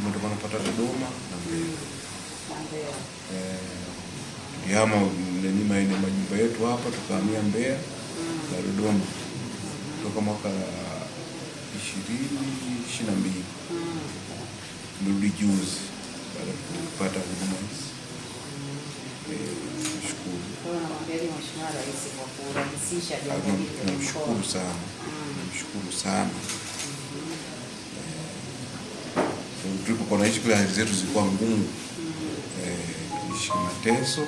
ndio maana napata Dodoma na Mbeya. Tulihama eh, nini maeneo majumba yetu hapa tukahamia Mbeya mm. na Dodoma toka mwaka ishirini ishirini na mbili mm. nirudi juzi baada ya kupata huduma hizi. Eh, namshukuru sana, mm. namshukuru sana tulipokuwa naishi kule, hali zetu zilikuwa ngumu eh, ishi mateso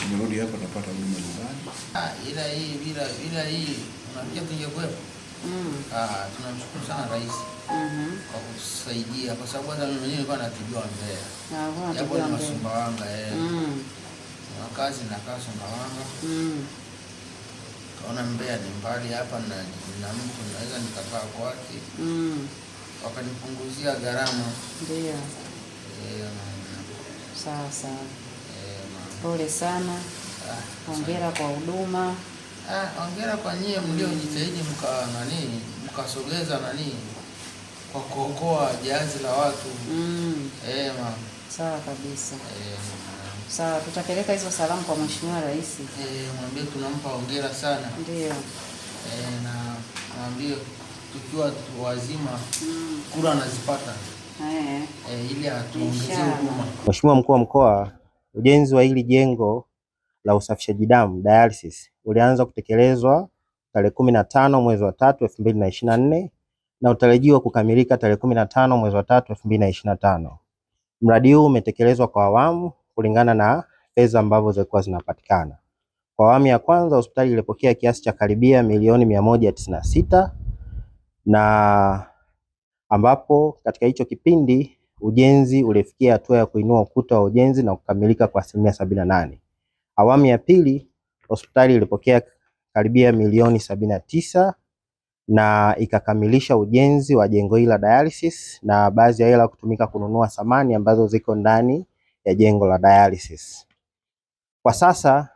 tumerudi hapa tunapata huduma nyumbani. Ah, ila hii bila bila hii unafikia tungekuwepo. Mm. Ah, tunamshukuru sana rais. Mm-hmm. Kwa kusaidia kwa sababu hata mimi mwenyewe nilikuwa natujua Mbeya. Ah, japo ni Msumbawanga eh. Mhm. kazi na kazi Sumbawanga. Mhm. Kaona Mbeya ni mbali hapa na na mtu naweza nikakaa kwake. Mhm wakanipunguzia gharama. Ndio. Sawa sawa. Pole sana. Ah, hongera kwa huduma. Ah, hongera kwa nyie mliojitahidi mka nani mkasogeza nani kwa kuokoa jahazi la watu. Mm. Eh, Sawa kabisa. Eh, sawa, tutapeleka hizo salamu kwa Mheshimiwa Rais. Eh, mwambie tunampa hongera sana. Ndio. Eh, na mwambie tukiwa wazima hmm. kura anazipata e, ili atuongezee huduma. Mheshimiwa Mkuu wa Mkoa, ujenzi wa hili jengo la usafishaji damu dialysis ulianza kutekelezwa tarehe kumi na tano mwezi wa tatu elfu mbili na ishirini na nne na utarajiwa kukamilika tarehe kumi na tano mwezi wa tatu elfu mbili na ishirini na tano. Mradi huu umetekelezwa kwa awamu kulingana na fedha ambazo zilikuwa zinapatikana. Kwa awamu ya kwanza hospitali ilipokea kiasi cha karibia milioni mia moja tisini na sita na ambapo katika hicho kipindi ujenzi ulifikia hatua ya kuinua ukuta wa ujenzi na kukamilika kwa asilimia sabini na nane. Awamu ya pili hospitali ilipokea karibia milioni sabini na tisa na ikakamilisha ujenzi wa jengo hili la dialysis na baadhi ya hela kutumika kununua samani ambazo ziko ndani ya jengo la dialysis. Kwa sasa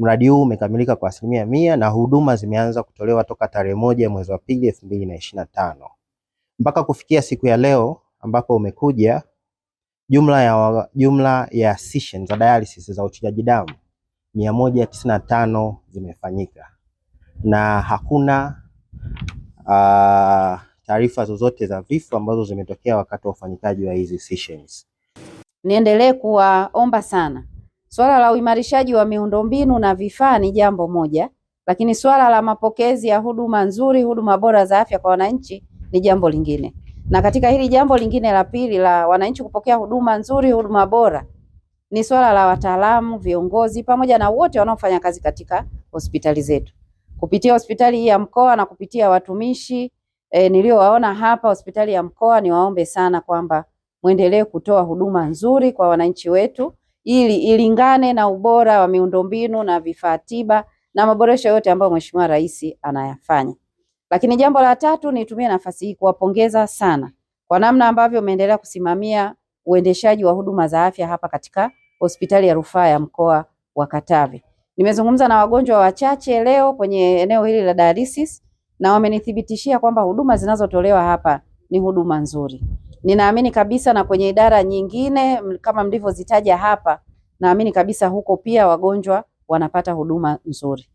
Mradi huu umekamilika kwa asilimia mia na huduma zimeanza kutolewa toka tarehe moja mwezi wa pili elfu mbili na ishirini na tano mpaka kufikia siku ya leo ambapo umekuja, jumla ya, jumla ya session za dialysis za uchujaji damu mia moja tisini na tano zimefanyika na hakuna uh, taarifa zozote za vifo ambazo zimetokea wakati wa ufanyikaji wa hizi sessions. Niendelee kuwaomba sana Swala la uimarishaji wa miundombinu na vifaa ni jambo moja, lakini swala la mapokezi ya huduma nzuri, huduma bora za afya kwa wananchi ni jambo lingine. Na katika hili jambo lingine la pili la wananchi kupokea huduma nzuri, huduma bora ni swala la wataalamu, viongozi pamoja na wote wanaofanya kazi katika hospitali zetu. Kupitia hospitali hii ya mkoa na kupitia watumishi e, niliowaona hapa hospitali ya mkoa, niwaombe sana kwamba mwendelee kutoa huduma nzuri kwa wananchi wetu ili ilingane na ubora wa miundombinu na vifaa tiba na maboresho yote ambayo Mheshimiwa Rais anayafanya. Lakini jambo la tatu, nitumie nafasi hii kuwapongeza sana kwa namna ambavyo umeendelea kusimamia uendeshaji wa huduma za afya hapa katika hospitali ya rufaa ya mkoa wa Katavi. Nimezungumza na wagonjwa wachache leo kwenye eneo hili la dialysis na wamenithibitishia kwamba huduma zinazotolewa hapa ni huduma nzuri. Ninaamini kabisa na kwenye idara nyingine kama mlivyozitaja hapa, naamini kabisa huko pia wagonjwa wanapata huduma nzuri.